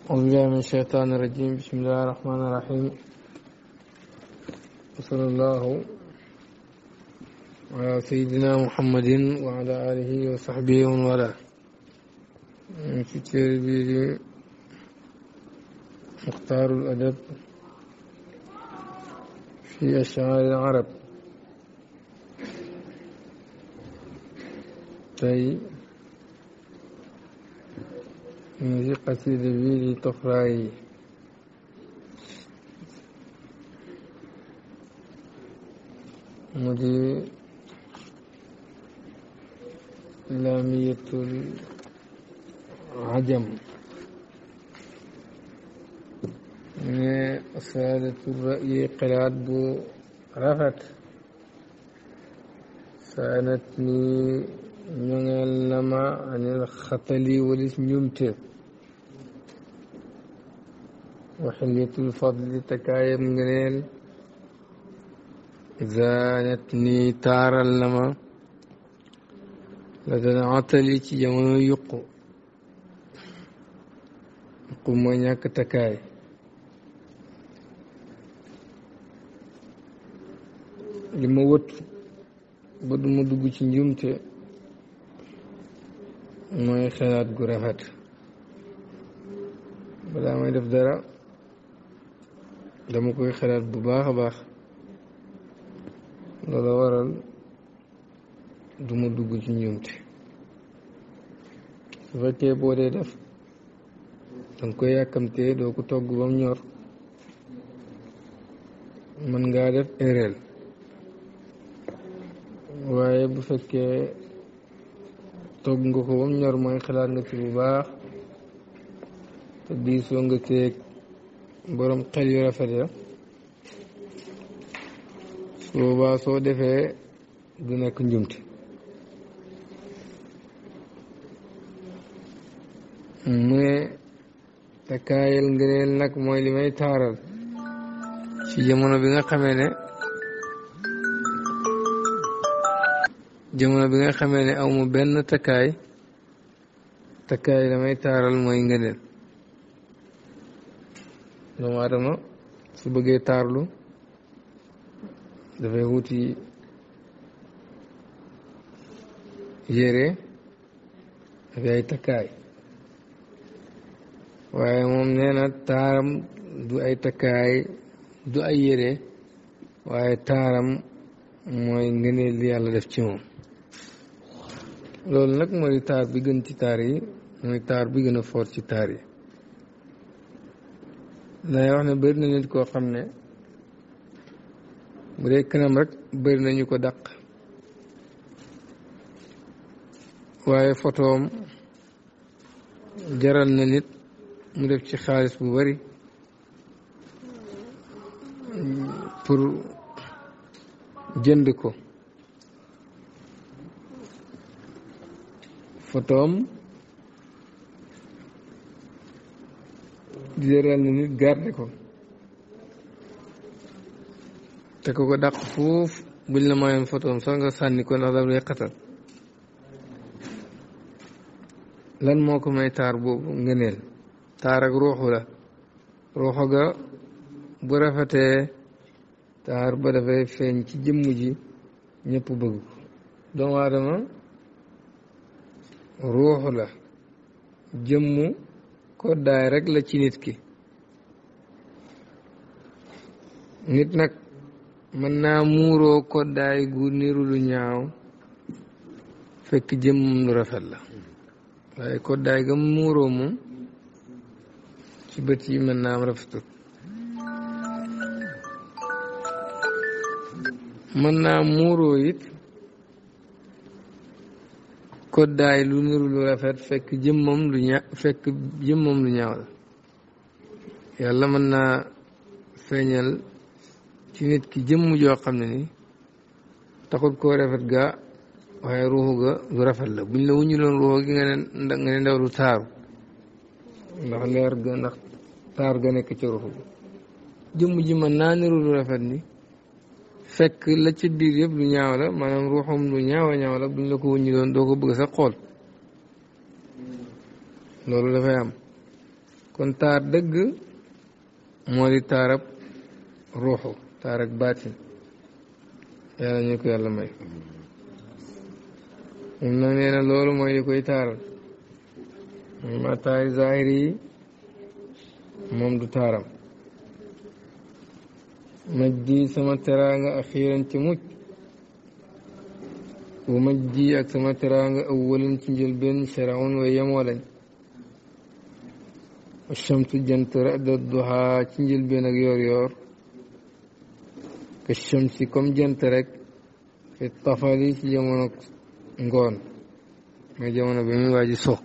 أعوذ بالله من الشيطان الرجيم بسم الله الرحمن الرحيم وصلى الله على سيدنا محمد وعلى آله وصحبه ومن والاه في تربية مختار الأدب في أشعار العرب طيب من ثقة دبير تقرأي مجھے لامية العجم میں الرأي قراد بو رفت سألتني من لما عن الخطل والاسم يمتر وحليت الفضل تكايم غنيل إذا نتني تار اللما لدن عطلي كي يمنو يقو يقوم ونياك تكاي لما وط بد مدوغو تنجمتي ما يخلات قرهات بلا ما يدف درأ dama koy xalaat bu baax a baax loola waral du dugg ci njuumte su fekkee boo dee def danga koy yàkkamtee doo ko togg ba mu ñor mën ngaa def erreur waaye bu fekkee togg nga ko bam ñor mooy xalaat nga ci bu baax te diisoo nga teeg borom xel yu rafet ya su boobaa soo defee du nekk njumte mu ne takkaayal ngëneel nag mooy li may taaral ci jamono bi nga xamee ne jamono bi nga xamee ne aw ma benn takkaay takkaay la may taaral mooy ngëneel doomu aadama su bëggee taarlu dafay wuti yére ak ay takkaay waaye moom nee taaram du ay takkaay du ay yére waaye taaram mooy ngëneel li yàlla def ci moom loolu nag mooy taar bi gën ci taar yi mooy taar bi gën a foot ci taar yi dana wax ne bëri na nit koo xam ne bu dee kanam rek bëri nañu ko dàq waaye fotoom jaral na nit mu def ci xaalis bu bari pour jënd ko fotoom dëral na nit garde ko te ko ko dàq foofu buñ la mayoon photoom sax nga sànni ko ndax daf lay lan moo ko may taar boobu ngëneel taar ak ruuxu la ga bu rafetee taar ba dafay feeñ ci jëmm ji ñëpp bëgg ko doomu aadama ruuxu la ko daay rek la ci nit ki nit nag mën naa muuroo ko daay gu niru lu ñaaw fekk jëmmam lu rafet la waaye ko daay ga muuroo moom ci bët yi mën naa am rafetul mën naa muuroo it koddaay lu nuru lu rafet fekk jëmmam lu ña fekk ñaaw la yàlla mën naa feeñal ci nit ki jëmm joo xam ne ni taxut koo rafet gaa waaye ruuxu ga lu rafet la buñ la wuñu loon ruuxu gi nga ne ndaw lu taaru ndax leer ga ndax taar ga nekk ci ruuxu ga jëmm ji naa nuru lu rafet ni fekk la ci biir yëpp lu ñaaw la maanaam ruuxum lu ñaaw ñaaw la buñ la ko wëññi doon doo ko bëgg sax xool loolu dafay am kon taar dëgg moo di taarab ruuxu taar ak baatin yàlla ñu ko yàlla may moom nag nee loolu mooy li koy taaral ma taari zahiri yi moom du taaram majjii sama teraanga axiran ci mucc wa majjii ak sama teraanga awalan ci الشمس جنت رأد الضحى تنجل بين غير يور كالشمس كم جنت رك في الطفالي جمونك نقول ما جمونا بمي واجي سو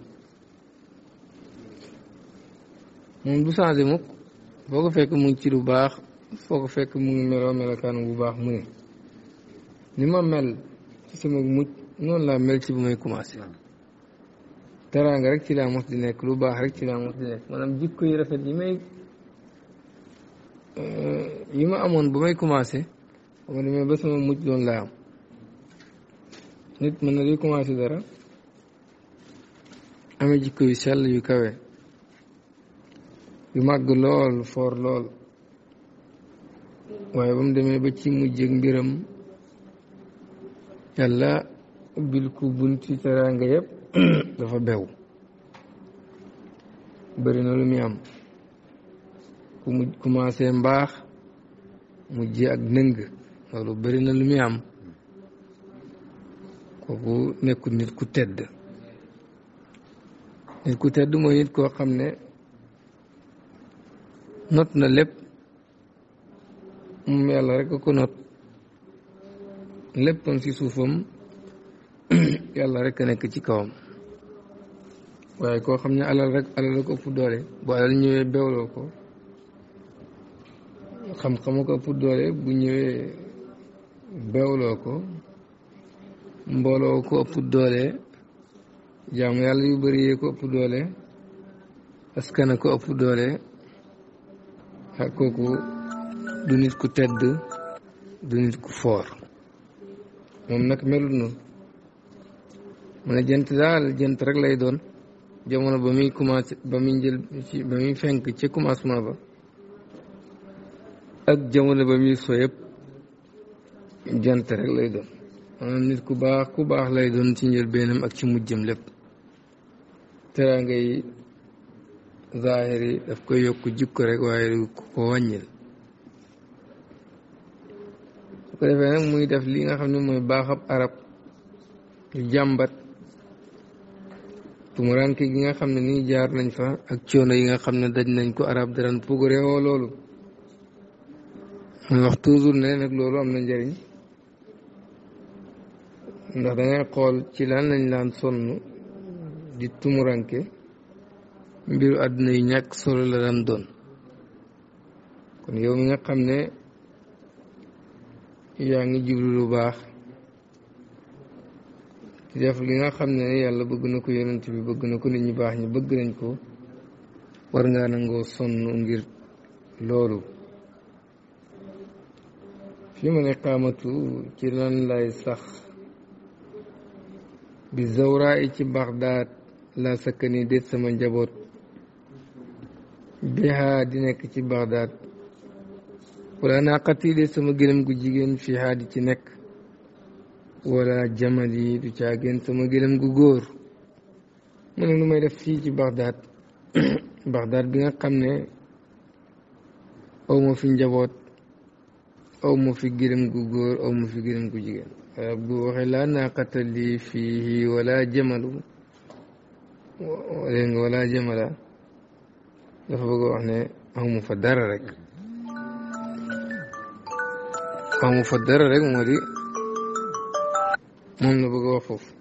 من بسان زموك فوق فيك منتي باخ foo ko fekk mu ngi meloo melokaan bu baax mu ne ni ma mel ci sama mujj noonu laa mel ci bu may commencé teraanga rek ci laa mos di nekk lu baax rek ci laa mos di nekk maanaam jikko rafet yi eh, amoon bu may commencé ba demee ba sama mujj doon laa am nit di commencé dara amee jikko yu sell yu kawe yu màgg lool foor lool waaye ba mu demee ba ci mujjëg mbiram yàlla ubbil ko ci teraanga yëpp dafa bew bëri na lu muy am ku mu commencé mbaax mujj ak nëng loolu bëri na lu muy am kooku nekkul nit ku tedd nit ku tedd mooy nit koo xam ne not na lépp mum yàlla rek ko nat léppam si suufam yàlla rek nekk ci kawam waaye koo xam ne alal rek alal ko ëpp doole bu alal ñëwee bewloo ko xam-xamu ko ëpp doole bu ñëwee bewloo ko mbooloo ko ëpp doole jaam yàlla yu bëri yee ko ëpp doole askana ko ëpp doole ak kooku du nit ku tedd du nit ku foor moom nag melut noonu mu ne jant daal jant rek lay doon jamono ba muy commencé ba muy jël ba muy fenk ci commencement ba ak jamono ba muy so yëpp jant rek lay doon maanaam nit ku baax ku baax lay doon ci njëlbeenam ak ci mujjam lépp teraanga yi zaahir yi daf koy yokk jikko rek waaye du ko wàññil su ko defee nag muy def lii nga xam ne mooy baaxab arab jàmbat tumuranke gi nga xam ne nii jaar nañ fa ak coono yi nga xam ne daj nañ ko arab daran pugarewoo loolu muy wax toujours ne nag loolu am na njariñ ndox dangay xool ci lan lañ laan sonn di tumuranke mbiru àdduna yi ñàkk solo la daan doon kon yow mi nga xam ne yaa ngi jublu lu baax di def li nga xam ne yàlla bëgg na ko yonent bi bëgg na ko nit ñu baax ñu bëgg nañ ko war ngaa nangoo sonn ngir loolu fi ma ne xaamatu ci lan lay sax bi zawraa yi ci baxdaad laa sakkani déet sama njaboot bihaa di nekk ci baxdaad wala naqati de sama gëlëm gu jigéen fi haadi ci nekk wala jamal yi du caagéen sama gëlëm gu góor mu ne lu may def fii ci Baxdaad Baxdaad bi nga xam ne aw ma fi njaboot aw ma fi gëlëm gu góor aw ma fi gëlëm gu jigéen arab bu waxee laa fii wala jamalu wala wala jamala dafa bëgg wax aw ma fa dara rek او مفدرة رجمه دي من بقوا وفوف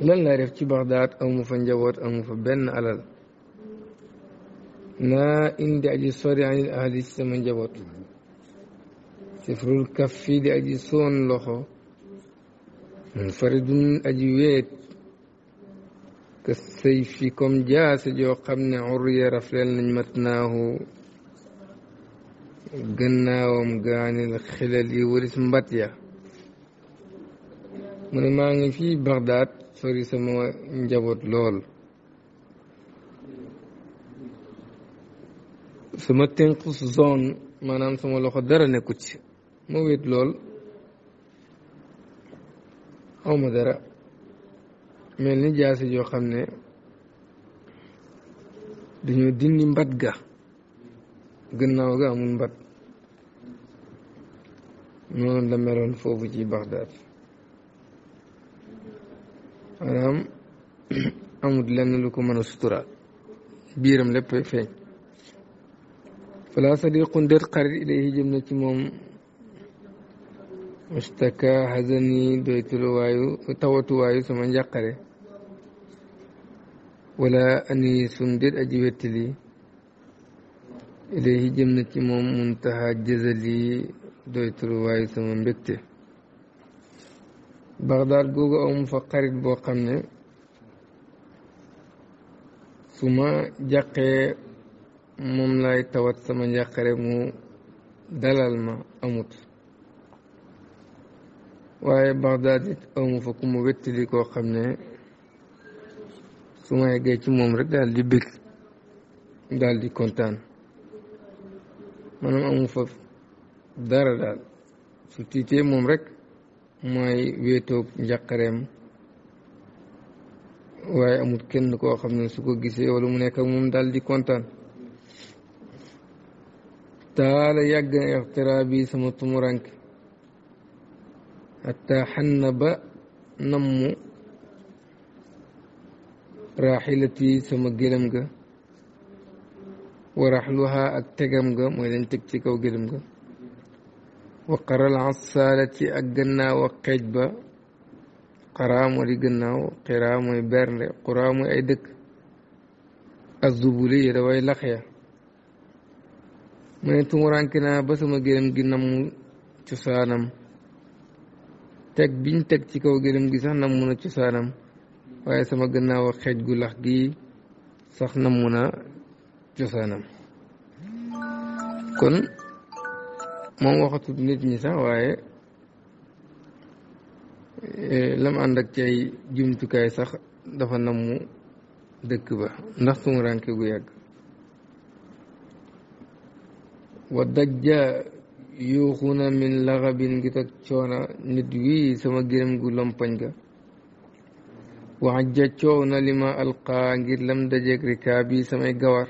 لن نعرف كي بغداد او مفنجوات او مفبن على إن دي اجي صوري عن الاحاديث من جوات سفر الكفي دي اجي صون لخو منفرد اجي ويت كالسيف كم جاس جو قمن عري رفلن نجمتناه gannaawam gaani xilal yi waris mbat ya mu ne maa ngi fii Baxdaad sori sama njaboot lool sama tenqus zone maanaam sama loxo dara nekku ci ma wéet lool awma dara mel ni jaasi joo xam ne dañoo dindi mbat ga gannaaw ga amul mbat noonu la meloon foofu ci Baxdaad maanaam amut lenn lu ko mën a suturaal biiram lépp feeñ fala sadiqun déet xarit ilayhi jëm na ci moom mustaka xasani doytuluwaayu tawatuwaayu sama njàqare wala anisun déet aji wettali ilayhi jëm na ci moom muntaha jëzali doy turuwaayu sama mbégte baxdaad googu amu fa xarit boo xam ne su ma jàqee moom laay tawat sama njàqare mu dalal ma amut waaye baxdaad it fa ku mu koo xam ne suma ma yeggee ci moom rek daal di bég daal di kontaan maanaam amu fa dara daal su tiitee moom rek mooy wéetoog njàqareem waaye amul kenn koo xam ne su ko gisee wala mu nekk ak moom di kontaan taala yàgg na ixtiraa bi sama tumurank hatta xanna ba nammu raaxilati sama gëlëm ga waraxluha ak tegam ga mooy lañ teg ci kaw gëlëm ga waqaral asaalati ak gannaaw ak xeej ba xaraa moo di gannaaw xiraa mooy bernde xuraa mooy ay dëkk azubuli ya daway lax ya mu ne tumuranki naa ba sama gëlëm gi namu cosaanam teg biñ teg ci kaw gëlëm gi sax namu na cosaanam waaye sama gannaaw ak xeej gu lax gi sax namu na cosaanam kon moom waxatul nit ñi sax waaye eh, lam ànd ak ci ay jumtukaay sax dafa namu dëkk ba ndax sumu ranke gu yàgg wa dajja yuuxuna min laxabin ngi tag coona nit wii sama gërëm gu lompañ ga wax ja coow na li ma alqaa ngir lam dajeeg rikaab yi samay gawar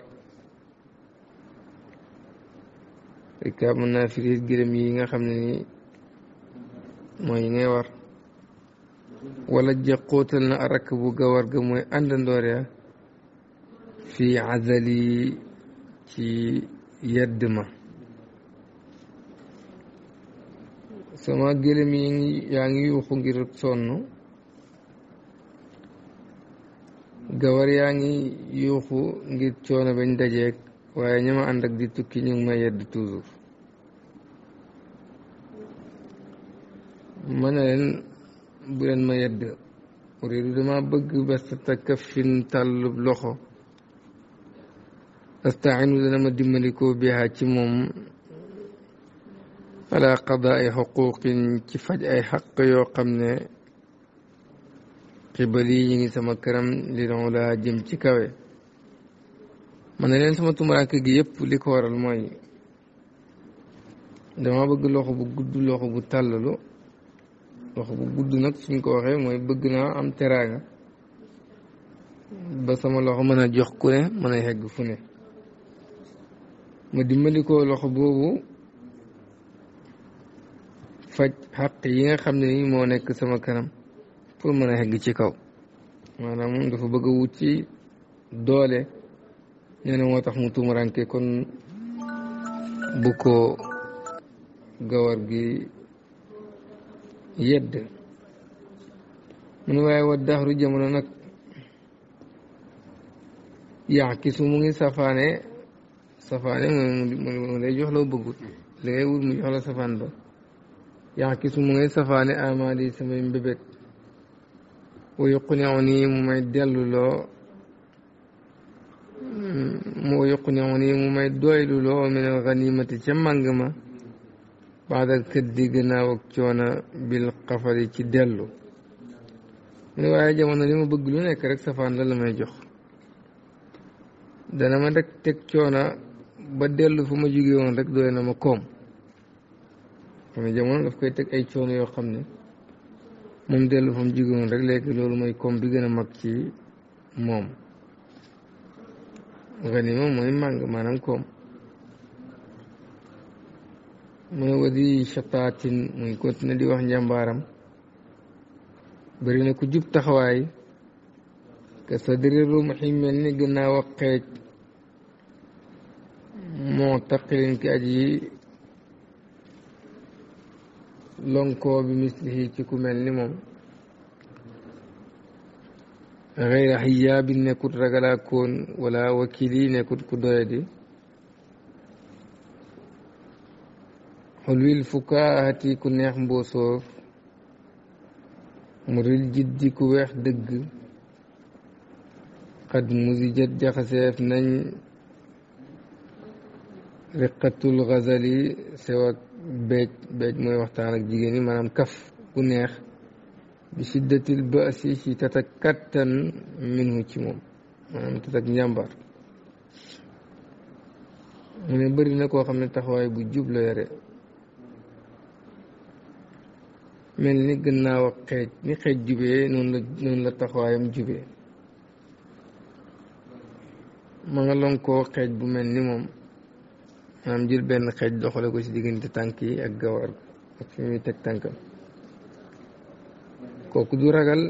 rikaab naa firi gërëm yi nga xam ni nii mooy yi ngay war wala jaqootal na rakk bu gawar ga mooy àndandoor ya fii azali ci yedd ma sama gëlëm yi yaa ngi yuuxu ngir sonn gawar yaa ngi yuuxu ngir coono bañ dajeek waaye ñi ma ànd ak di tukki ñu ngi may yedd toujours ma ne ma yedd uridu dama bëgg bastata kaffin tàllub loxo astainu dana ma dimbandikoo biha ci moom ala qada ay ci faj ay xaq yoo xam ne xibal yi ñu ngi sama këram li la jëm ci kawe man ne leen sama tumuraanke gi yëpp li ko waral mooy dama bëgg loxo bu gudd loxo bu tàllalu loxo bu gudd nag suñ ko waxee mooy bëgg naa am teraanga ba sama loxo mën a jox ku ne mën a yegg fu ne ma dimbali ko loxo boobu faj xaq yi nga xam ne nii moo nekk sama kanam pour mën a yegg ci kaw maanaam dafa bëgg a wut ci doole nee na moo tax mu tuumaranke kon bu ko gawar gi yedd mu ne waaye wa daxru jamono nag yaakisu mu ngi safaane safaane mu lay jox la bëggut li ngay wut mu jox safaan ba yaakisu mu ngay safaane amali samay mbébét wa yuqniu nii mu may delluloo mu yokku ñoom nii mu may doylu loo min al ganimati ca màng ma baad al këddi gannaaw ak coono bil xafari ci dellu mu ne waaye jamono li ma bëgg lu nekk rek safaan la may jox dana ma rek teg coono ba dellu fu ma jóge woon rek doy na ma koom xam ne jamono daf koy teg ay coono yoo xam ne moom dellu fu mu jóge woon rek léegi loolu mooy koom bi gën a mag ci moom gani mo moni mange manan kom mune wadi shatatin muy kontina di wax njambaram barina ku jub taxawaay ka sadrilu maxi mel ni gannaa wa xeej moo taqilin ki aj yi lonkoo bi mislihi ci ku mel ni moom غير حجاب نكون رجلا كون ولا وكيلي نكون كدادي حلو الفكاهة كن نيح بوصوف مر الجد كويح دق قد مزجت جخسيف نن رقة الغزل سوى بيت بيت موي وقتانك جيجيني مانام كف كن نيح bi shiddatil baasi ci tatak kattan minhu ci moom maanaam tatak njàmbaar mu ne bëri na koo xam ne taxawaay bu jub la yore mel ni gannaaw ak xeej ni xeej jubee noonu la noonu la taxawaayam jubee ma nga lonkoo xeej bu mel ni moom maanaam jël benn xeej doxale ko ci diggante tànk yi ak gawar ak fi muy teg tànkam kooku du ragal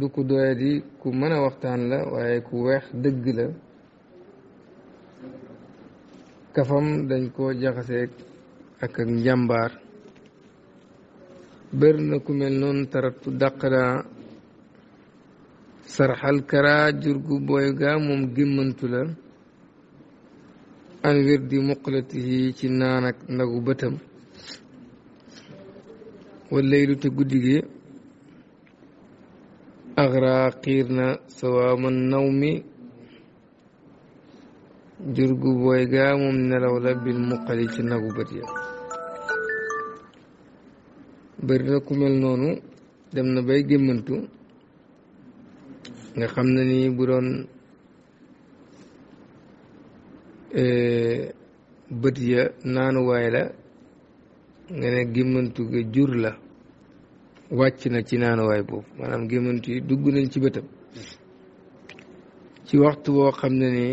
du ku doyadi ku mën waxtaan la waaye ku weex dëgg la kafam dañ koo jaxaseeg ak ak njàmbaar bër na ku mel noonu taratu dàq daa sarxal karaa jur gu booy gaa moom la an wér di muqalati yi ci naan nagu bëtëm bëtam wallay lu te axraa xiir na sawaaman naw mi jur gu booy gaa moom nelaw la bil muqali ci nagu bët ya na ku noonu dem na bay gémmantu nga xam ne nii bu doon e, bët ya naanuwaay la nga ne gémmantu ga jur la wàcc na ci naanuwaay boobu maanaam gémant yi dugg nañ ci bëtam ci waxtu woo xam ne ni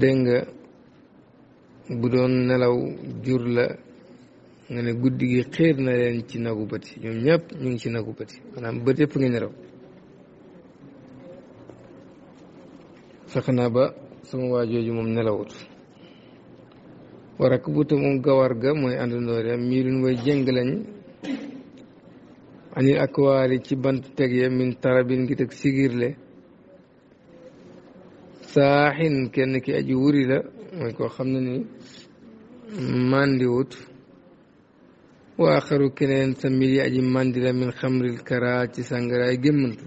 dégg nga bu doon nelaw jur la nga ne guddi gi xéer na leen ci nagu bët yi ñoom ñëpp ñu ngi ci nagu bët yi bët yëpp nga nelaw fexe naa ba sama waajooju moom nelawut war ak bu te moom gawar ga mooy àndandoo ya miirun way jëng lañ anil ak ci bant teg ya min tarabin ngi teg sigirle saaxin kenn ki aji wuri la mooy koo xam ne ni mandiwut waa xaru keneen sa mbir aji mandi la min xamril kara ci sàngaraay gémmantu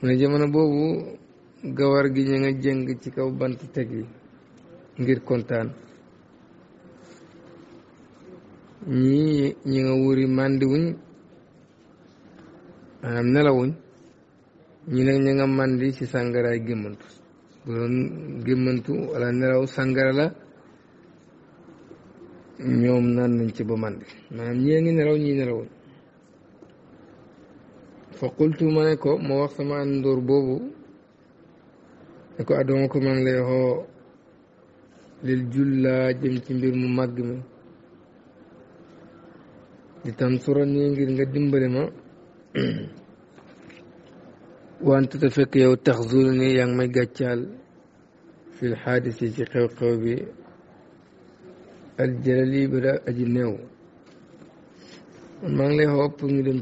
mu ne jamono boobu gawar gi ñu nga jëng ci kaw bant teg yi ngir kontaan ñii ñi nga wuri màndi nelawuñ ñi nag ñi nga màndi ci sàngaraay gémmantu bu gémmantu wala nelaw sàngara la ñoom naan nañ ci ba màndi maanaam ñii ngi nelaw ñii nelawuñ fa qultu ma ne ko ma wax sama boobu ne ko ko man lay xoo lil jullaa jëm ci mbir mu màgg mi di tan sura nii ngir nga dimbali ma wante te fekk yow tax zuru ni yaa ngi may gàccaal fil xaadis yi ci xew-xew bi aljalali ba da aji néew maa nga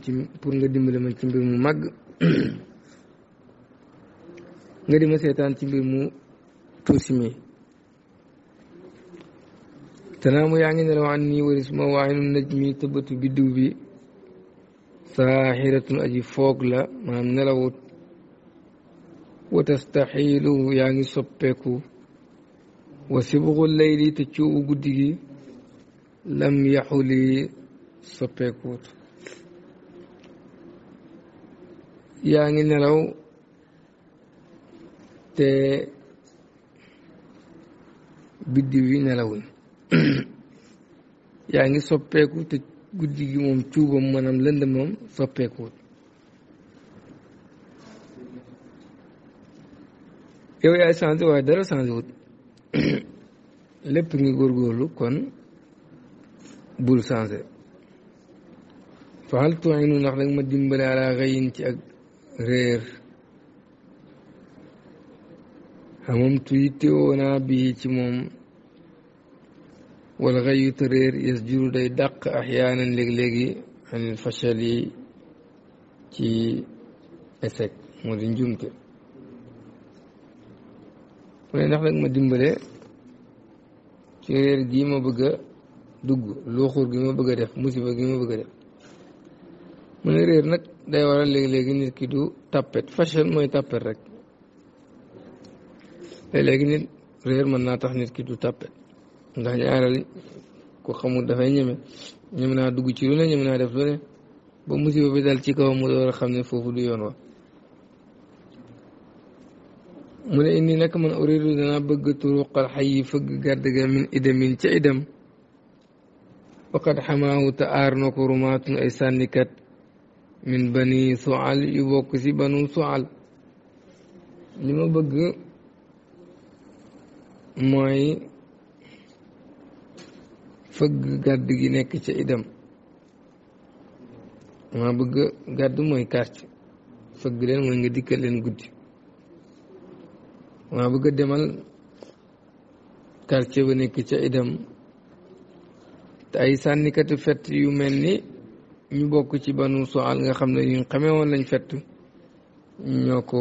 dem pour nga dimbali ma ci mbir mu màgg nga di seetaan ci mbir mu tuusi mi tanaamu yaa ngi nelaw an nii waris ma waayinu najmi tëbbatu biddiw bi saaxiratun aji foog la maanaam nelawut wa tastaxiilu yaa ngi soppeeku wa sibxu layli te cuubu guddi gi lam yaxuli soppeekuwut yaa ngi nelaw te biddiw yi nelawuñ yaa ngi soppeeku te guddi gi moom cuubam maanaam lënd moom soppeekuwut yow yaay changé waaye dara changé wut lépp ngi góorgóorlu kon bul changé faxal tuinu ndax danga ma dimbale ala xëyin ci ak réer xamam tu yittewoo bii ci moom wala xëyu te réer yes juru day dàq axyaanan léeg-léegi anil fachal yi ci échec moo di njumte mu ne ndax nag ma dimbale ci réer gii ma bëgg a dugg looxuur gi ma bëgg a def musiba bëgg mu ne réer nag day waral léegi-léegi nit ki du tàppet fachal mooy tàppet rek léeg-léegi nit réer mën naa tax nit ki du tàppet ndax ñaareel ko xamul dafay ñeme ñeme naa dugg ci lu ne ñeme naa def lu ne ba musiba bi ci ka mu door a xam foofu du yoon wa mu ne indi nag man uridu danaa bëgg turuqal xay fëgg gàdd ga min idamin ca idam waqad xamaahu te aar na ko rumaatun ay sànnikat min bani sual yu bokk si banu sual li bëgg mooy fëgg gàdd gi nekk ca idam maa bëgg gàdd mooy quartier fëgg leen mooy nga dikkal leen guddi maa bëgg demal quartier ba nekk ca idam te ay sànnikatu fett yu mel ni ñu bokk ci banu soal nga xam ne ñu xamee woon lañ fett ñoo ko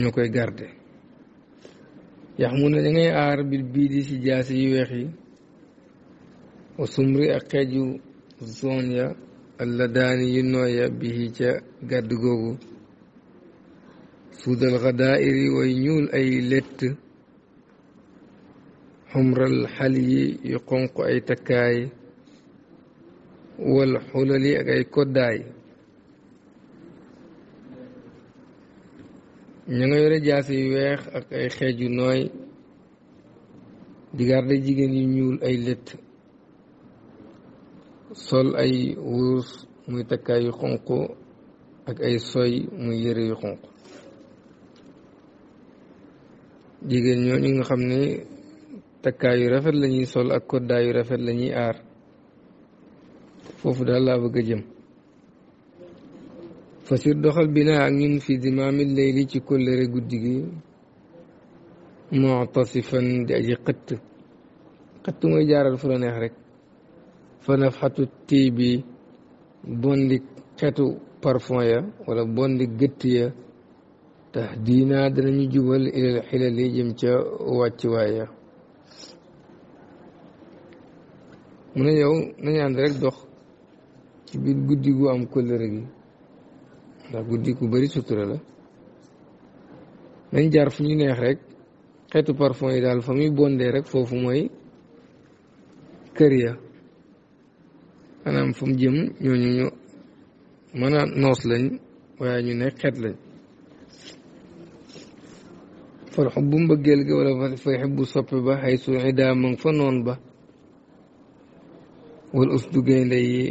ñoo koy garde yax mu ne da aar bi bii di si jaasi yu weex yi wa sumri ak xeeju zon ya la daani yu nooya bihi ca gàdd googu suudal xadaa'iri way ñuul ay lett xumral xal yu xonq ay takkaay wal xulali ak ay koddaay ña nga yore jaas yu weex ak ay xeej yu nooy di garde jigéen yu ñuul ay lett sol ay wurus muy takkaay yu xonq ak ay soy muy yëre yu xonq jigéen ñooñu nga xam ne takkaay yu rafet lañuy sol ak koddaay yu rafet lañuy aar foofu daal laa bëgg a jëm fasir doxal bina ak ñun fi dimaamil layli ci kóllëre guddi gi mu'tasifan di aji xëtt xëtt mooy jaaral fu neex rek fanafxatu tii bi bondi xetu parfum ya wala bondi gëtt ya tax diinaa danañu jubal ilal jëm ca wàccuwaay ya mu ne yow nañu ànd rek dox ci biir guddi gu am kóllëre gi ndax guddi ku bëri sutura la nañ jaar fu ñu neex rek xeetu parfum yi daal fa muy bondee rek foofu mooy kër ya maanaam fa mu jëm ñooñu ñu mën a noos lañ ñu ne xeet lañ fal xubbu mbëggeel ga xubbu soppe ba xay su fa noon ba wal usdu gaynde yi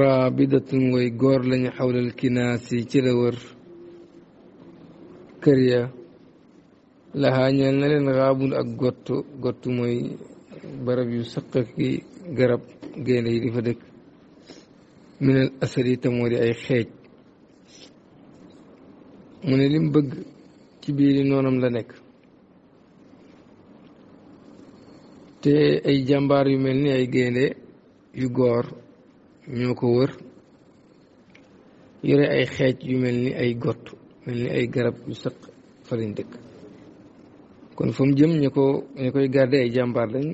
raabidatun way góor lañu xawlal kinaas yi ci la wër kër raabul ak gott gott barab yu sëq garab gaynde yi di fa dëkk minal asari te moo di ay xeej mu ne lim bëgg ci biiri noonam la nekk te ay jàmbaar yu mel ni ay gaynde yu goor ñoo ko wër yore ay xeej yu mel ni ay gott mel ni ay garab yu sëq fa lañ dëkk kon fa mu jëm ñu ko ñu koy garde ay jàmbaar lañ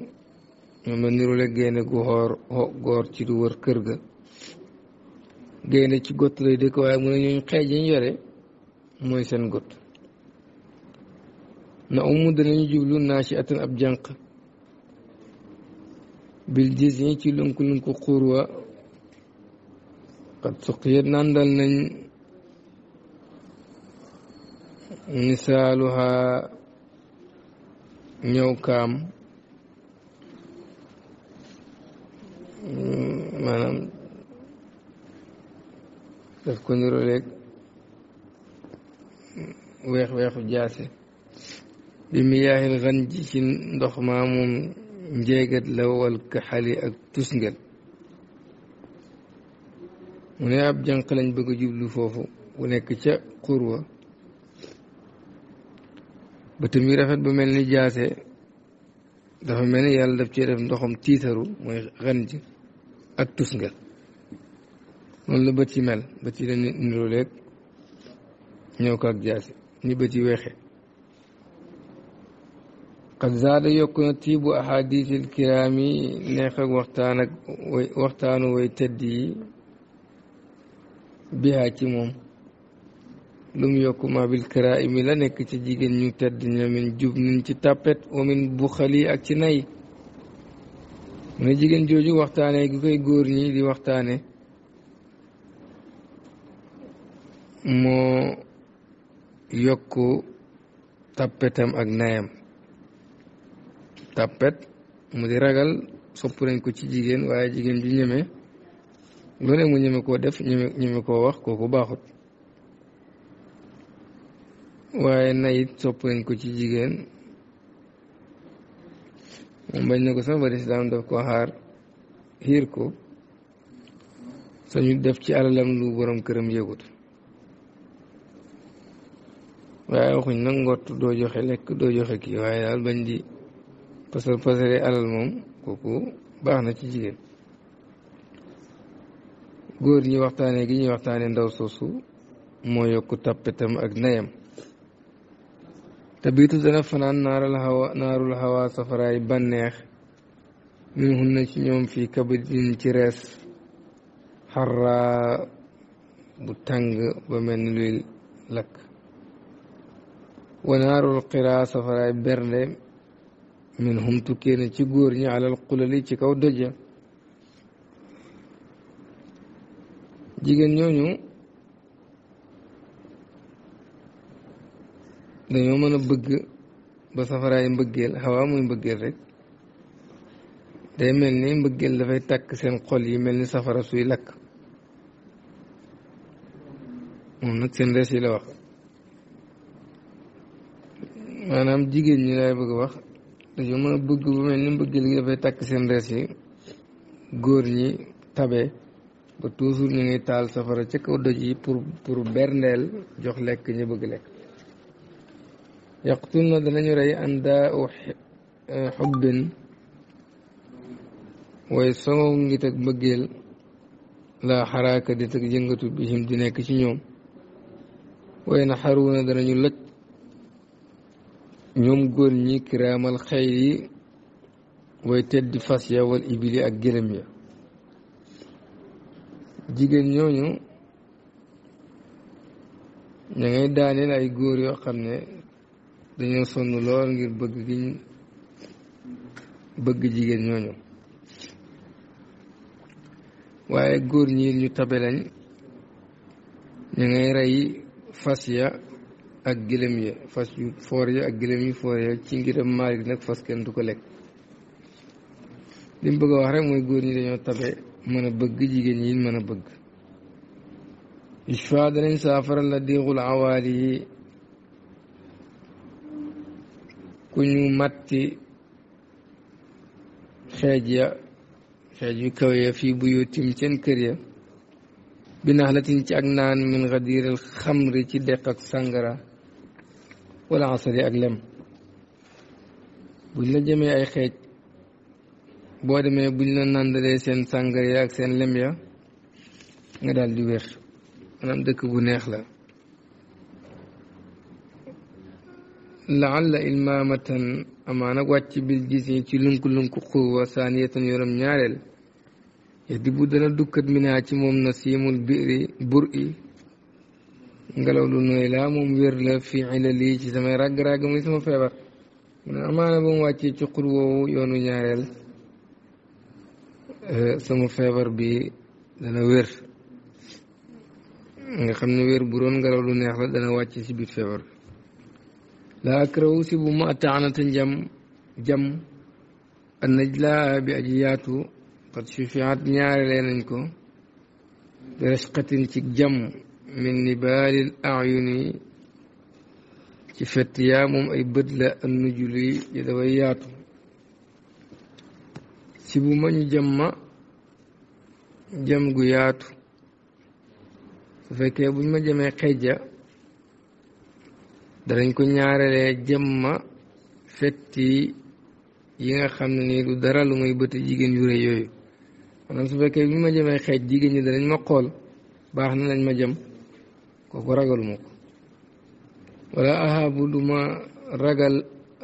ma nirule génne gu xoor góor ci du wër kër ga génne ci gott lay dëkk waaye mu ne ñooñ xeej yi ñu yore mooy seen gott na umu danañu jublu naa ci atan ab jànq bil gis yi ci lunk lunk xuur wa xat suqiyat nàndal nañ misaaluha ñëw kaam maanaam daf ko niroleeg weex weexu jaase bi miyaahil xan ji ci ndox maamoom njeegat la wal ka xali ak tusngel mu ne ab jànq lañ bëgg a jublu foofu bu nekk ca xurwa bëtam yi rafet bu mel ni jaase dafa mel ni yàlla daf cee def ndoxam tiitaru mooy xan ji ak tus nga noonu la bët yi mel bët yi dañu niroo léeg ñëw ko ni bët weexe qad zaada yokk na tiibu ahadisil kiraam neex ak waxtaan ak way tëdd yi ci moom lu yokk maa bil karaa'imi la nekk ci jigéen ñu tedd ña min jub nin ci tàppet wa min buxali ak ci nay mu ne jigéen jooju waxtaanee gu koy góor ñi di waxtaane moo yokk tappetam ak nayam tappet mu di ragal sopp nañ ko ci jigéen waaye jigéen ju ñeme lu ne mu ñeme koo def ñeme ñeme koo wax kooku baaxut waaye nayit sopp nañ ko ci jigéen moom bañ na ko sax ba lislaam daf ko xaar xiir ko sañu def ci alalam lu borom këram yëgut waaye waxuñ nag ngott doo joxe lekk doo joxe kii waaye daal bañ di pasal pasale alal moom kooku baax na ci jigéen góor ñi waxtaanee gi ñuy waxtaanee ndaw soosu moo yokk tappetam ak nayam te biitu dana fanaan naarul hawa hawa safaraay bànneex min hun na ci ñoom fi kabadin ci res xarraa bu tàng ba mel ni luy lakk wa naarul xiraa safaraay bernde min hum tukkee na ci góor ñi alal xulali ci kaw doja jigéen dañoo mën a bëgg ba safaraay mbëggeel xawaa muy mbëggeel rek day mel ni mbëggeel dafay takk seen xol yi mel ni safara suy lakk moom nag seen res yi la wax maanaam jigéen ñi laay bëgg wax dañoo mën a bëgg ba mel ni mbëggeel gi dafay tàkk seen res yi góor ñi tabe ba toujours ñu ngi taal safara ca kaw doj yi pour pour berndeel jox lekk ñu bëgg lekk yaqtun na danañu rey andaa u xubbin waaye songo ngi teg bëggeel la xaraaka di teg yëngatu bihim di nekk ci ñoom waaye na xaruuna danañu lëj ñoom góor ñi kiraamal xëy yi way teddi fas ya wal ibili ak gëlëm ya jigéen ñooñu ña ngay daaneel ay góor yoo xam ne dañoo sonn lool ngir bëgg jigéen ñooñu waaye góor ñi ñu tabe lañ ñu ngay rey fas ya ak gëlëm ya fas yu foor ya ak gëlëm yu foor ya ci ngiram maalik nag fas kenn du ko lekk li mu bëgg wax rek mooy góor ñi dañoo tabe mën a bëgg jigéen ñi mën a bëgg ishfa danañ saafara la déexul awaal yi كنو ماتي خاجيا خاجي كوي في بيوتهم تين كريا بنهلة تشاغنان من غدير الخمر تي دقك سانغرا ولا عصري اغلم بلا جميع اي خاج بوادي مي بلا ناندري سين سانغرا ياك سين لميا nga dal di wex manam dekk bu neex la laalla ilmaamatan amaana wàcc bil gis ci lunk lunk xuwa saaniyatan yoram ñaareel ya dana dukkat minaa ci moom na siimul biri bur i ngelaw lu nooy laa moom wér la fi xila lii ci sama ràgg-ràgg muy sama feebar mu ne amaana ci xur woowu yoonu ñaareel eh, sama feebar bi dana wér nga xam ne wiir bu doon ngelaw lu neex la dana wàcc ci biir feebar laa këraw si bu mu attaanata njam jam a najlaa bi aji yaatu xat sufiat ñaare lee nañ ko resqatin ci jam min nibaalil ayuni ci fett yaa moom ay bët la an nujuli yi dafay yaatu si bu ma ñu jam ma jam gu yaatu su fekkee buñ ma jamee xejja danañ ko ñaarelee jëmma fetti yi nga xam ne nii du dara lu muy bëti jigéen yu rëy yooyu maanaam su fekkee bi ma jëmee xeej jigéen ñi danañ ma xool baax na lañ ma jëm kooku ragaluma ko wala ahaabu du ma ragal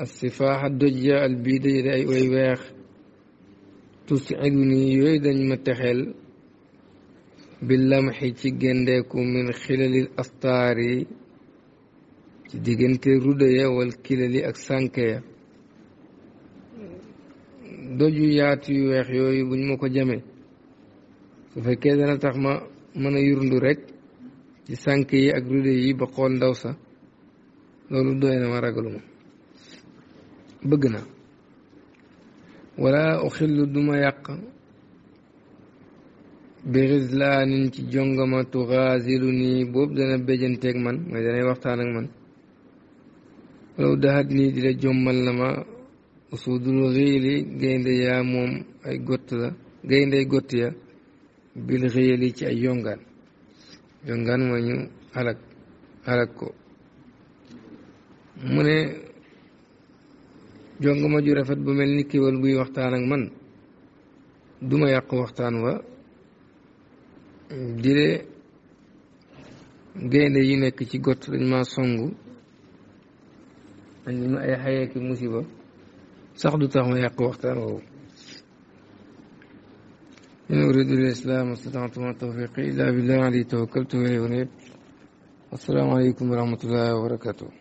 assifaaxa dojja al bii dajade ay way weex tusidu nii yooyu dañ ma texel bi lamxi ci géndeeku min xilalil astaari ci diggante ruda ya wal kilali ak sànke ya doju yaatu yu weex yooyu buñ ma ko jamee su fekkee dana tax ma mën a yurndu rekk ci sànk yi ak rude yi ba xool ndaw sa loolu doy na ma ragaluma bëgg na wala uxillu duma yàq bi xislaanin ci jongama tuxaasilu nii boobu dana béjanteeg man mooy danay waxtaan ak man rawda haqliɗira joom allama o suuduro xeeli gaynde ya moom ay gottla gaynde ay gottiya bil xeeli ci ay yongaan yongaan wañu alag alag ko mu ne jong ma ju rafet bu mel ni kiwal buy waxtaan ak man du ma yàq waxtaan wa dire gaynde yu nekk ci gott dañ maa songu andi أريد الإسلام واستطعت ما توفيقي إلا بالله عليه توكلت وإليه والسلام عليكم ورحمة الله وبركاته